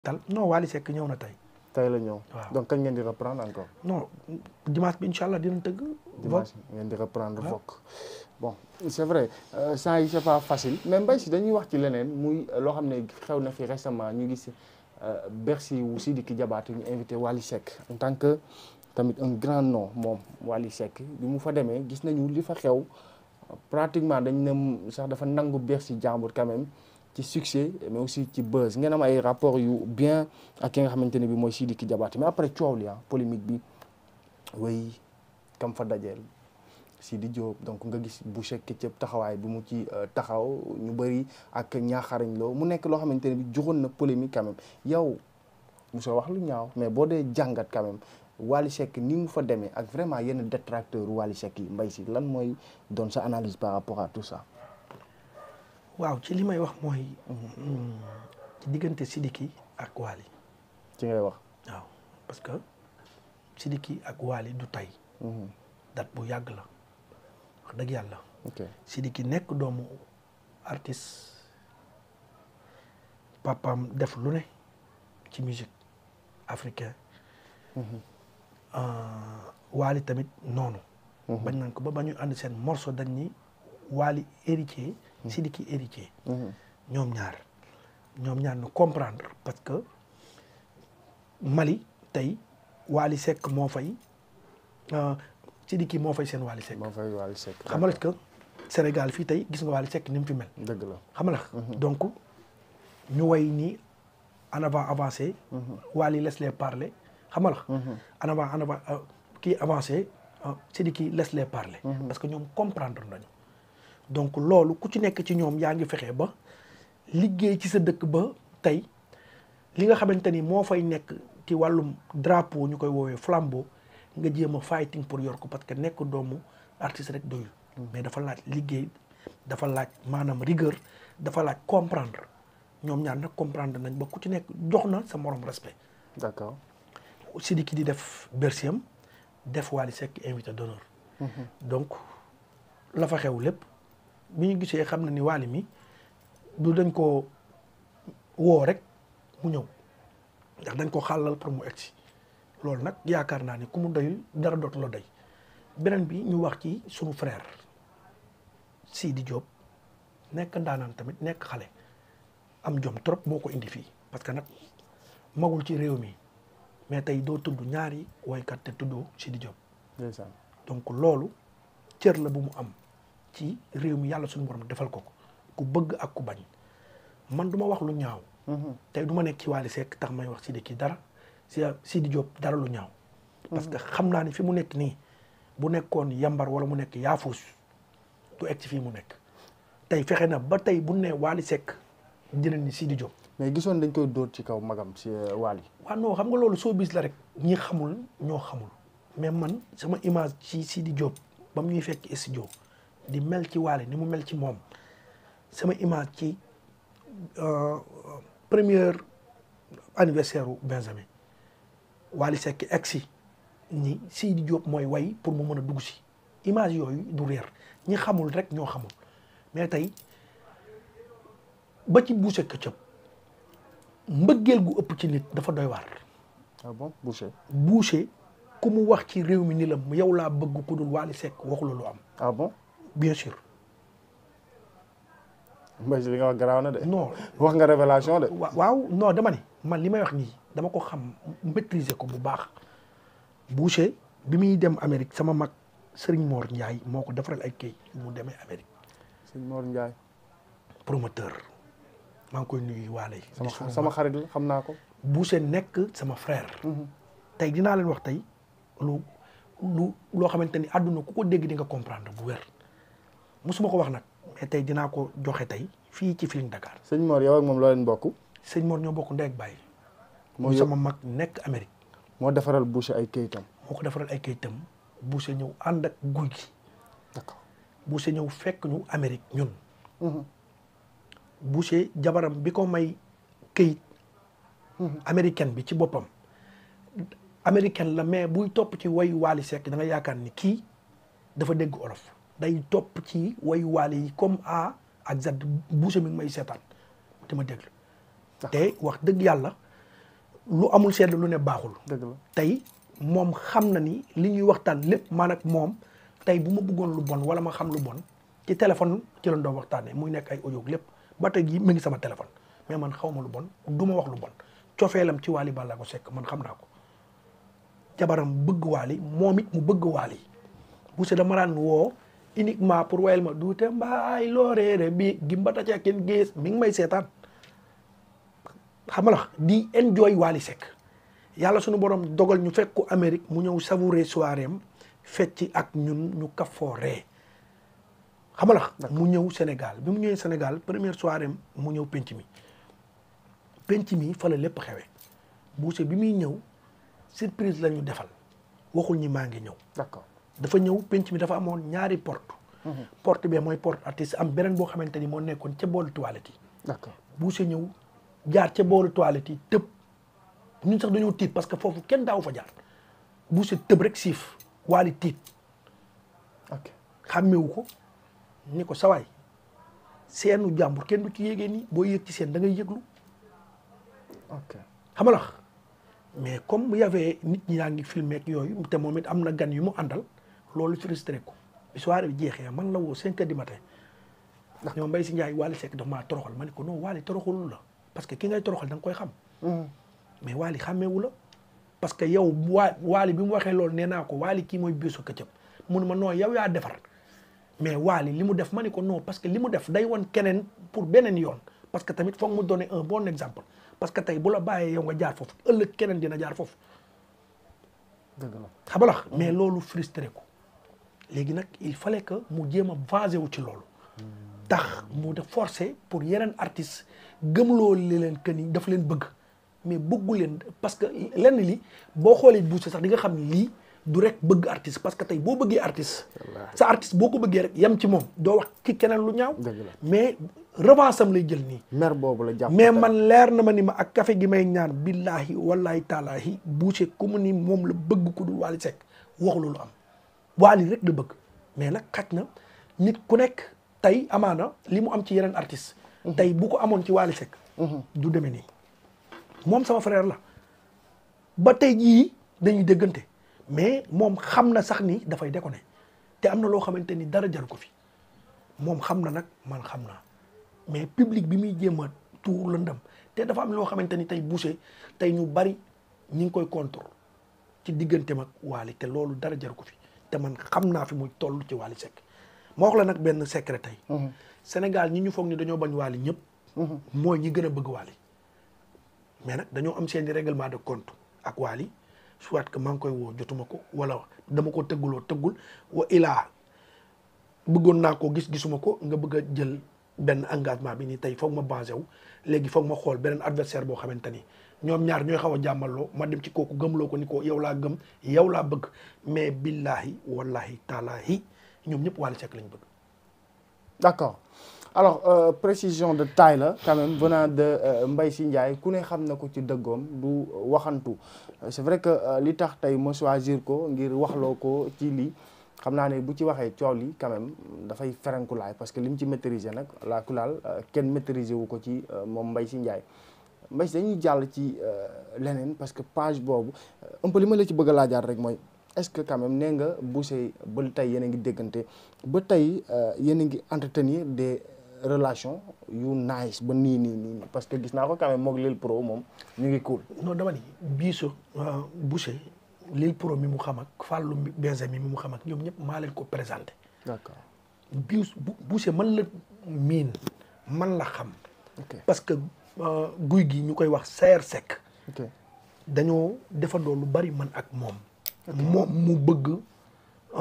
dal no Wally sekk ñëw na tey. tey la ñëw waaw donc kañ ngeen di reprendre encore. non dimanche bi incha allah dinañ tëgg. dimanche ngeen di reprendre Vogue. bon c'est vrai sans yi c'est pas facile mais Mbaye si dañuy wax ci leneen muy loo xam ne xew na fi récemment ñu gis euh, Bercy wu jabaat Diabaté ñu invité Wally Seck en tant que tamit un grand nom moom Wally Seck bi mu fa demee gis nañu li fa xew pratiquement dañ ne sax dafa nangu Bercy jàmbur quand même. ci succès mais aussi ci buzz ngeen am ay rapport yu bien ak ki nga xamante ne bi mooy Sidiki Diabaté mais après coow li ah polémique bi way kam fa dajeel di Diop donc nga gis bu Boucher Ketchup taxawaay bi mu ci euh, taxaw ñu bëri ak ñaaxarañ loo mu nekk loo xamante ne bi juxoon na polémique quand même mu soo wax lu ñaaw mais boo dee jàngat quand même Wally Seck ni mu fa demee ak vraiment yenn détracteur Wally Seck yi mbay si lan mooy doon sa analyse par rapport tout ça waaw ci li may wax mooy. Mhm. Mm, ci diggante Sidiki ak Waly. ci ngay wax. waaw parce que Sidiki ak Waly du tey. Mhm. date bu yàgg la wax dëgg yàlla. Sidiki nekk doomu artiste papaam def lu ne ci musique africain. Mhm. Euh, Waly tamit noonu. bañ nañ ko ba ba ñu ànd seen morceau dañ ni Waly héritier. si mm-hmm. Sidiki héritier. Mm-hmm. ñoom ñaar ñoom ñaar ñu comprendre parce que Mali tey Wally Seck moo fay euh, Sidiki moo fay seen Wally Seck. moo fay Wally Seck xam nga Sénégal fii tey gis nga Wally sekk ni mu fi mel. dëgg la mm-hmm. donc ñu way nii en avant avancé. Wally laisse les parler xam nga en avant en avant euh, kii avancé euh, Sidiki laisse les parler. parce que ñoom comprendre nañu. donc loolu ku ci nekk ci ñoom yaa ngi fexe ba liggéey ci sa dëkk ba tey li nga xamante ni moo fay nekk ci wàllum drapeau ñu koy woowee flambeau nga jéem a fighting pour yor ko parce que nekk doomu artiste rek doyul mais dafa laaj liggéey dafa laaj maanaam rigueur dafa laaj comprendre ñoom ñaar nag comprendre nañ ba ku ci nekk jox na sa moroom respect. d'accord Sidiki di def bersiam def Wally Seck invité d'honneur mhm. donc la fa xew lépp. bi ñu gisee xam na ni waali mi du dañ ko woo rek mu ñëw ndax dañ ko xàllal pour mu si loolu nag yaakaar naa ni ku mu doyul dara dootu la doy beneen bi ñu wax ci sunu si di Diop nekk ndaanaan tamit nekk xale am jom trop moo ko indi fii parce que nag magul ci réew mi mais tey doo tudd ñaari woykat te tuddoo di Diop donc loolu cër la bu mu am ci réew mi yàlla suñu borom defal ko ko ku bëgg ak ku bañ man du wax lu ñaaw. Mhm. tey du nekk ci Wally Seck tax may wax Sidi kii dara Sidi Diop dara lu ñaaw. parce que mhm. xam naa ni fi mu nekk nii bu nekkoon yambar wala mu nekk yaafuus du egg ci fii mu nekk tey fexe na ba tey bu ne Wally sekk dina ni Sidi Diop. mais gisoon dañ koy dóor ci kaw magam si euh, Wally. waaw xam nga loolu soo bis la rek. ñi xamul ñoo xamul mais man sama image ci Sidi Diop ba mu ñuy fekk studio di mel ci Wally ni mu mel ci moom sama image ci euh, première anniversaire u Benjamin Wally Seck egsi ni Sidi Diop mooy way pour mu mën a dugg si image yooyu du réer ñi xamul rek ñoo xamul mais tey ba ci Boucher Ketchup mbëggeel gu ëpp ci nit dafa doy waar. ah bon Boucher. Boucher ku mu wax ci réew mi ni la yow laa bëgg ku dul Wally sekk waxula la lu am. ah bien sûr. Mbaye li nga wax garaaw na de. non wax nga révélation de. waaw non dama ni man li may wax nii dama ko xam maîtriser ko bu baax. Boucher bi muy dem Amérique sama mag Serigne Mor Ndiaye moo ko defaral ay kay mu demee Amérique. Serigne moor Ndiaye. promoteur maa ngi koy nuyu waale. sama sama xarit la xam naa ko. Boucher nekk sama frère. Mhm. tey dinaa leen wax tey lu lu loo xamante ni àdduna ku ko dégg di nga comprendre bu wér. musuma ko wax nag mais tey dinaa ko joxe tey fii ci Feeling Dakar. sëñ Mor yow ak moom loo leen bokk. sëñ Mor ñoo bokk ndey ak baay. moo sama mag nekk Amérique. moo defaral Boucher ay kayitam. moo ko defaral ay kayitam Boucher ñëw ànd ak guy gi. d'accord ñëw fekk ñu Amérique ñun. Mhm. buuse jabaram bi ko may këyit mhm. américaine bi ci boppam. américaine la mais buy topp ci way Waly Seck da yaakaar ni kii dafa dégg olof. day topp ci wayu waale yi comme A ak Z buuse mi ngi may seetaan te ma déglu. te wax dëgg yàlla lu amul seetlu lu ne baaxul. dëgg tey moom xam na ni li ñuy waxtaan lépp man ak moom tey bu ma bëggoon lu bon wala ma xam lu bon ci téléphone ci lañ doon waxtaanee muy nekk ay audio lépp ba tey jii mi ngi sama téléphone mais man xaw ma lu bon du ma wax lu bon cofeelam ci Wally Ballago Seck man xam naa ko. jabaram bëgg Wally moom it mu bëgg Wally bu se dama daan woo. uniquement pour wayal ma duute mbaay loo reere bi gimbata ca kenn gées mi ngi may seetaan xam di enjoy Wally Seck yàlla suñu borom dogal ñu fekk ko Amérique mu ñëw savourer soirée am fecci ak ñun ñu kafooree xam nga mu ñëw Sénégal bi mu ñëwee Sénégal première soirée am mu ñëw penc mi penc mi fa la lépp xewee buuse bi muy ñëw surprise la ñu defal waxul ñi maa ngi ñëw d'accord dafa ñëw penc mi dafa amoon ñaari port mhm. port bi mooy porte artiste am beneen boo xamante ni moo nekkoon ca boolu toilette yi. d'accord Boucher ñëw jaar ca boolu toilette yi tëb ñun sax dañoo tiit parce que foofu kenn daaw fa jaar Boucher tëb rek siif waali tiit. ok xàmmewu ko ni ko sawaay seenu jàmbur kenn du ci yéegee nii boo yëg ci seen da ngay yëglu. ok xamalax mais comme y avait nit ñi yaa ngi filmé ak yooyu te moom it am na gan yu mu àndal. loolu frustré ko bi soirée bi jeexee man la woo cinq di du matin ndax ñoo mbay si Ndiaye Wally Seck daf maa toroxal ma ne ko non Wally toroxalul la parce que ki ngay toroxal da koy xam. Hmm. mais Wally xàmmeewu la. parce que yow waa Wally bi mu waxee loolu nee naa ko Wally kii mooy biisu këccëb mun munuma non yow yaa defar mais Wally li mu def ma ne ko non parce que li mu def day wan keneen pour beneen yoon parce que tamit foog mu donner un bon exemple parce que tey bu la bàyyee yow nga jaar foofu dina jaar foofu. mais loolu frustré ko. léegi nag il fallait que mu jéem a basé wu ci loolu tax mu de forcé pour yeneen artistes gëmloo li leen que ni daf leen bëgg mais bëggu leen parce que lenn li boo xoolee Boucher sax di nga xam ni lii du rek bëgg artiste parce que tey boo bëggee artiste sa artiste boo ko bëggee rek yem ci moom doo wax ki keneen lu ñaaw mais revanche am lay jël nii mer boobu la jàpp mais man leer na ma ni ma ak kafe gi may ñaan billaahi wallaahi taalaahi Boucher ku mu ni moom la bëgg ku dul Wally Seck waxu loolu Wally rek la bëgg mais nag xaj na nit ku nekk tey amaana li mu am ci yeneen artiste mhm. tey bu ko amoon ci Wally Seck mhm. du demee nii moom sama frère la ba tey jii dañuy dëggante mais moom xam na sax ni dafay déconné te am na loo xamante ni dara jaru ko fi moom xam na nag man xam naa mais public bi muy jéem a tuur lëndam te dafa am loo xamante ni tey Boucher tey ñu bari ñu ngi koy contrôle ci diggante mag Wally te loolu dara jaru ko fi te man xam naa fi mu toll ci Wally Seck ma wax la nag benn secret tey. Mhm. Sénégal ñi ñu foog ni dañoo bañ Wally ñëpp. Mhm. mooy ñi gën a bëgg Wally mais nag dañoo am seen réglement de compte ak Wally soit que maa ngi koy woo jotuma ko wala dama ko tëgguloo tëggul wa ilaa bëggoon naa ko gis gisuma ko nga bëgg a jël benn engagement bi nii tey foog ma basé wu léegi foog ma xool beneen adversaire boo xamante ni ñoom ñaar ñooy xaw a jàmmaloo ma dem ci kooku gëm loo ko ni ko yow laa gëm yow laa bëgg mais billahi wallahi taalahi ñoom ñëpp Wally Seck lañ bëgg. d'accord alors euh, précision de taille la quand même venant de euh, Mbaye Sy Ndiaye ku ne xam na ko ci dëggoom du waxantu euh, c'est vrai que euh, li tax tey ma choisir ko ngir wax loo ko ci lii. xam naa ne bu ci waxee coow li quand dafay dafay laay parce que li mu ci maîtriser nag laa kulaal euh, kenn maîtriser wu ko ci moom Mbaye Sy Ndiaye Mbacke dañuy jàll ci euh, leneen parce que page boobu euh, un peu li ma la ci bëgg laa jaar rek mooy est-ce que quand nee nga Boucher ba tey yéen a ngi déggante ba tey euh, yéen a ngi entretenir des relation yu nice ba nii nii nii parce que gis naa ko quand même moog Lil Pro moom ñu ngi cool. non dama ni biiso Boucher Lil Pro mi mu xam ak Fallou Benjamin mi mu xam ak ñoom ñëpp maa leen ko présenté. d'accord Boucher man la miin man la xam. parce que. Euh, guy gi ñu koy wax Saer Seck. dañoo defandoo lu bari man ak moom. moom mu bëgg euh,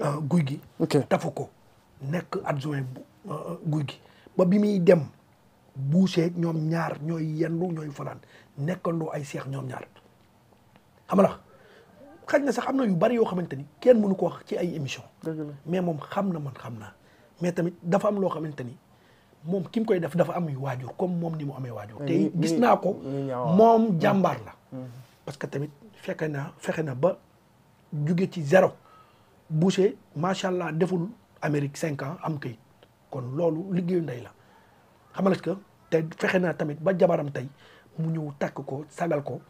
euh, guy gi. tafu ko nekk adjoint bu guy gi ba bi muy dem buusee ñoom ñaar ñooy yendu ñooy fanaan nekkandoo ay seex ñoom ñaar xam nga xaj na sax am na yu bari yoo xamante ni kenn mënu ko wax ci ay émission mais moom xam na man xam naa mais tamit dafa am loo xamante ni. moom ki mu koy def dafa am waajur comme moom ni mu amee waajur. te gis naa ko moom jàmbaar la. Mm-hmm. parce que tamit fekke naa fexe na ba jóge ci zero Boucher macha allah deful Amérique cinq ans am kayit kon loolu liggéeyu ndey la xam nga te fexe naa tamit ba jabaram tey mu ñëw takk ko sagal ko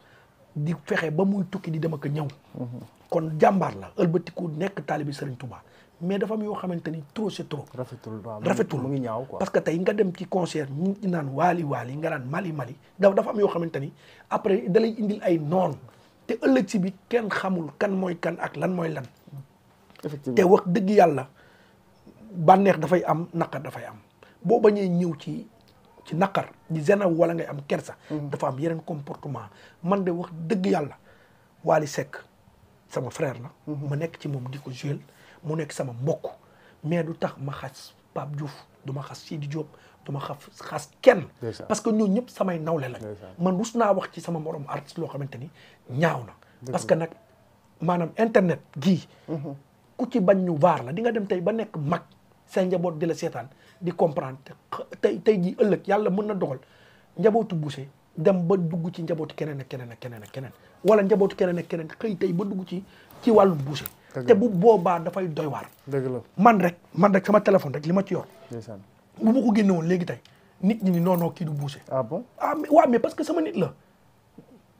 di fexe ba muy tukki di dem ak ñëw. Mm-hmm. kon jàmbaar la ëlbatiku nekk taalibi Serigne Touba. mais dafa am yoo xamante ni trop c'est trop. rafetul waaw rafetul mu ñaaw quoi. parce que tey nga dem ci concert ñu ngi naan waali waali nga naan mali mali dafa am yoo xamante ni après dalay lay indil ay noon te ëllëg si bi kenn xamul kan mooy kan ak lan mooy lan. te wax dëgg yàlla bànneex dafay am naqar dafay am boo bañee ñëw ci ci naqar di gênaw wala ngay am kersa. Hmm. dafa am yeneen comportement man de wax dëgg yàlla waali sekk sama frère la. Hmm. ma nekk ci moom di ko jouer mu nekk sama mbokk mais du tax ma xas Pape Diouf du ma xas di Diop du ma xas xas kenn. parce que ñooñu ñëpp samay nawle lañ. man rus naa wax ci sama morom artiste loo xamante ni ñaaw na. parce que nag maanaam internet gii. Mhm. ku ci bañ ñu vaar la di nga dem tey ba nekk mag. sa njaboot di la seetaan di comprendre tey tey jii ëllëg yàlla mën na dogal njabootu Boucher dem ba dugg ci njabootu keneen ak keneen ak keneen ak keneen wala njabootu keneen ak keneen xëy tey ba dugg ci ci wàllu boucher te bu boobaa dafay doy waar dëgg man rek man rek sama téléphone rek li ma ci yor bu ma ko génne léegi tey nit ñi ni non non kii du boucher ah bon ah mais parce que sama nit la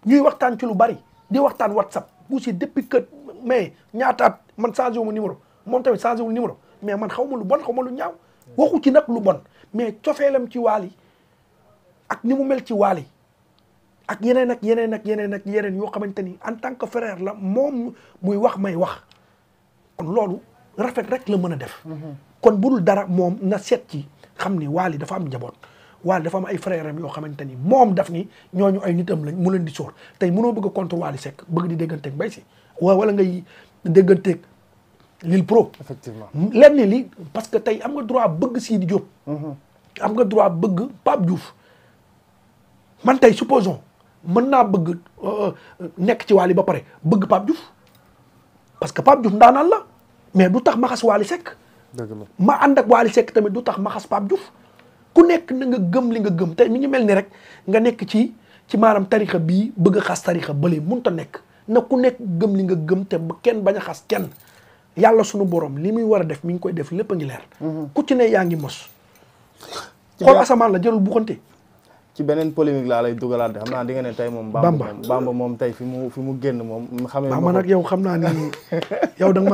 ñuy waxtaan ci lu bari di waxtaan whatsapp boucher depuis que mais ñaataat man changé wu ma numéro moom tamit changé wu numéro mais man xaw ma lu bon xaw ma lu ñaaw waxu ci nag lu bon mais cofeelam ci waal ak ni mu mel ci waal yi ak yeneen ak yeneen ak yeneen ak yeneen yoo xamante ni en tant que frère la moom muy wax may wax kon loolu rafet rek la mën a def. kon budul dara moom na set ci xam ni Wally dafa am njaboot Wally dafa am ay frère am yoo xamante ni moom daf ñoo ñu ay nitam lañ mu leen di sóor tey mënoo bëgg a contre Wally Seck bëgg di dégganteeg Mbaye Sy wala ngay dégganteeg Lil Pro. effectivement lenn li parce que tey am nga droit bëgg sii di Diop. Mhm. am nga droit bëgg Pape Diouf man tey supposons. mën naa bëgg euh, euh, nekk ci Wally ba pare bëgg Pape Diouf parce que Pape Diouf ndaanaan la mais du tax ma xas Wally Seck ma ànd ak Wally Seck tamit du tax ma xas Pape Diouf ku nekk na nga gëm li nga gëm te mi ngi mel ni rek nga nekk ci ci maanaam tarixa bii bëgg a xas tarixa bële munta nekk na ku nekk gëm li nga gëm te ba kenn bañ a xas kenn yàlla sunu borom li muy war a def mi ngi koy def lépp a ngi leer mhm. ku ci ne yaa ngi mos xool asamaan la jërul buxante ci beneen polémique laa lay dugalaat de xam naa di nga ne tey moom. Bamba Bamba moom tey fi mu fi mu génn moom. xamee ma nag yow xam naa ni yow da nga